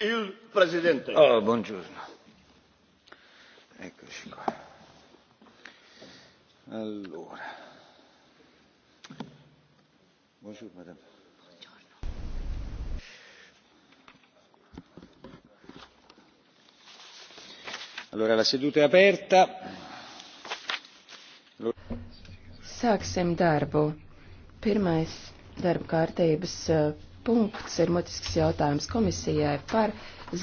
Il Presidente. Oh, buongiorno. Eccoci qua. Allora. Buongiorno, madame. Buongiorno. Allora, la seduta è aperta. Allora... Sāksim darbu. Pirmais darba kārtības eh, punkts ir mutisks jautājums komisijai par